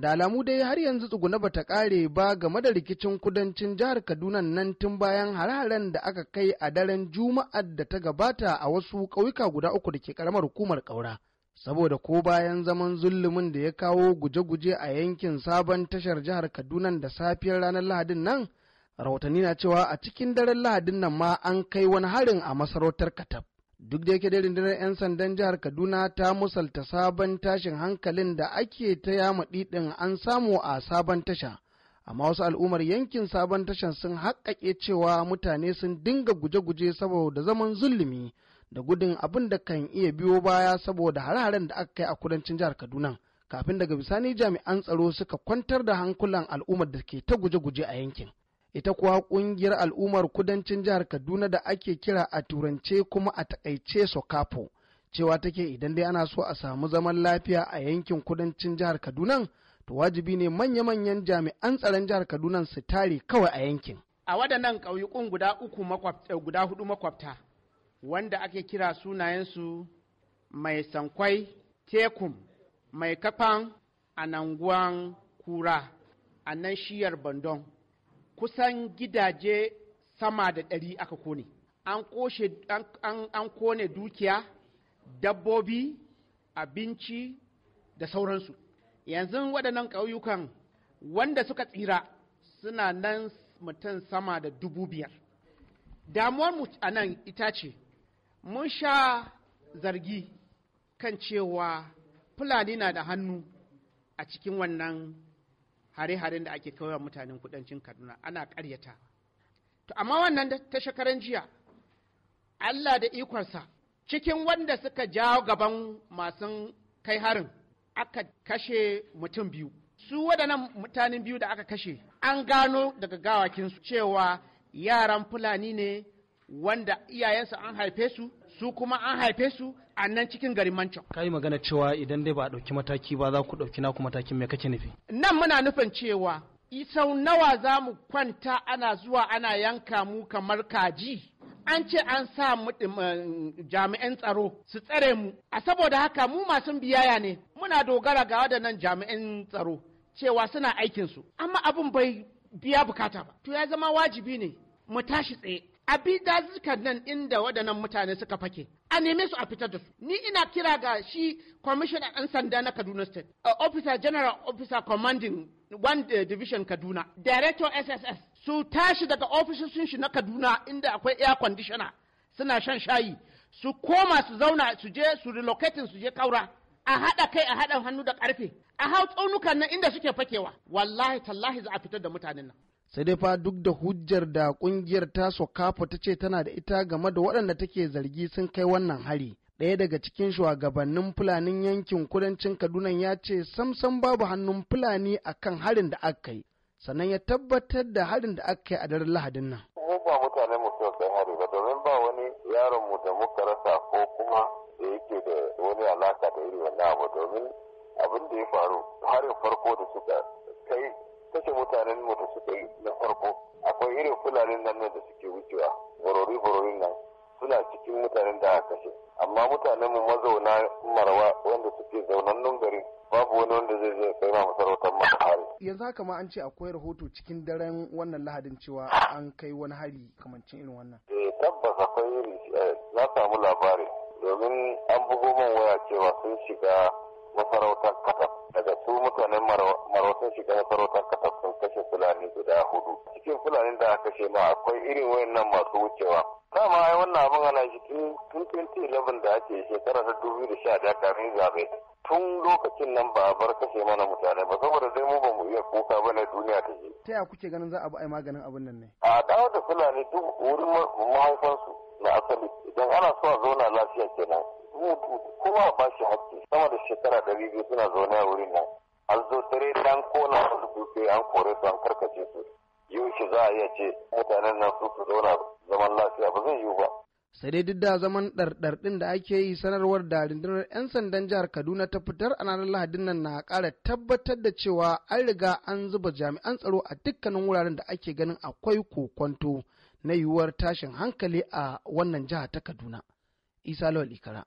da alamu dai har yanzu tsuguna ba ta kare ba game da rikicin kudancin jihar kaduna nan tun bayan har-haren da aka kai a daren juma'ar da ta gabata a wasu ƙauyuka guda uku da ke karamar hukumar ƙaura saboda ko bayan zaman zulumin da ya kawo guje-guje a yankin sabon tashar jihar kaduna da safiyar ranar lahadin nan rahotanni na cewa a cikin daren lahadin nan ma an kai wani harin a masarautar katab duk da yake dai rundunar 'yan sandan jihar kaduna ta musalta sabon tashin hankalin da ake ta yama ɗiɗin an samu a sabon tasha amma wasu al'ummar yankin sabon tashan sun haƙaƙe cewa mutane sun dinga guje-guje saboda zaman zulumi da gudun abin da kan iya biyo baya saboda hare-haren da aka kai a kudancin jihar kaduna kafin daga bisani jami'an tsaro suka kwantar da hankulan al'ummar da ke ta guje-guje a yankin ita kuwa kungiyar al'ummar kudancin jihar kaduna da ake kira a turance kuma a takaice sokapo cewa take idan dai ana so a samu zaman lafiya a yankin kudancin jihar kaduna to wajibi ne manya-manyan jami'an tsaron jihar kaduna su tare kawai a yankin a waɗannan ƙauyukun guda uku eh, guda hudu makwabta wanda ake kira sunayensu mai sankwai tekum mai kafan ananguwan kura a nan shiyar bandon kusan gidaje sama da ɗari aka kone an koshe an kone dukiya dabbobi abinci da sauransu yanzu waɗannan ƙauyukan wanda suka tsira suna nan mutum sama da dubu biyar damuwar mu a nan ita ce mun sha zargi kan cewa fulani na da hannu a cikin wannan hare-haren da ake kawai mutanen kudancin kaduna ana karyata to amma wannan ta shekaran jiya allah da ikonsa cikin wanda suka jawo gaban masu kai harin aka kashe mutum biyu su waɗannan mutanen biyu da aka kashe an gano daga gawakinsu cewa yaran fulani ne wanda iyayensu an haife su su kuma an haife su a nan cikin garin Manchon. Ka yi magana cewa idan dai ba a ɗauki mataki ba za ku ɗauki naku matakin mai kake nufi? Nan muna nufin cewa sau nawa za mu kwanta ana zuwa ana yanka mu kamar kaji. An ce an sa eh, jami'an tsaro su tsare mu, a saboda haka mu masu biyaya ne muna dogara ga waɗannan jami'an tsaro cewa suna aikinsu, amma abin bai biya bukata ba. To ya zama wajibi ne mu tashi tsaye a bi dazukan nan inda waɗannan mutane suka fake a neme su a fitar da su ni ina kira ga shi kwamishinan ɗan sanda na kaduna state uh, officer general officer commanding one uh, division kaduna director sss su tashi daga ofisoshin shi na kaduna inda akwai air conditioner suna shan shayi su koma su zauna su je su relocating su je kaura a haɗa kai a haɗa hannu da ƙarfe a hau tsaunukan nan inda suke fakewa wallahi tallahi za a fitar da mutanen nan sai dai fa duk da hujjar da kungiyar taso kafa ta ce tana da ita game da waɗanda take zargi sun kai wannan hari ɗaya daga cikin shugabannin fulanin yankin kudancin kaduna ya ce samsam babu hannun fulani a kan harin da aka yi sannan ya tabbatar da harin da aka yi a daren lahadin nan ba mutane mu kai hari ba domin ba wani yaron mu da muka rasa ko kuma da yake da wani alaka da iri wannan abu domin abin da ya faru harin farko da suka kai kashe mutanen mu da suka yi na farko akwai irin fulanin nan da suke wucewa borori bororin nan suna cikin mutanen da aka kashe amma mutanen mu mazauna marwa wanda suke zaunannun gari babu wani wanda zai zai kai ma masarautar masa hari. Yanzu haka ma an ce akwai rahoto cikin daren wannan lahadin cewa an kai wani hari kamancin irin wannan. Eh tabbas akwai iri eh, na samu labari domin an bugo man waya cewa sun shiga masarautar katab daga su mutanen marautar shiga masarautar katab sun kashe fulani guda hudu cikin fulani da aka kashe ma akwai irin wayannan masu wucewa dama ai wannan abin ana shi tun 2011 da ake shekara ta 2011 kafin zabe tun lokacin nan ba a bar kashe mana mutane ba saboda dai mu ba mu iya kuka ba na duniya ta je ta ya kuke ganin za a bi ai maganin abin nan ne a dawo da fulani duk wurin mahaifansu na asali idan ana so a zauna lafiya kenan Eh, kuma ba shi hakki sama da shekara ɗari biyu suna zaune a wurin nan an zo tare da kona wasu dukiyoyi an kore su an karkace su yaushe za a iya ce mutanen nan su su zauna zaman lafiya ba zai yiwu ba. sai dai duk da zaman ɗarɗar ɗin da ake yi sanarwar da rundunar 'yan sandan jihar kaduna ta fitar a ranar lahadin nan na ƙara tabbatar da cewa an riga an zuba jami'an tsaro a dukkanin wuraren da ake ganin akwai kokwanto na yiwuwar tashin hankali a wannan jiha ta kaduna isa lawal ikara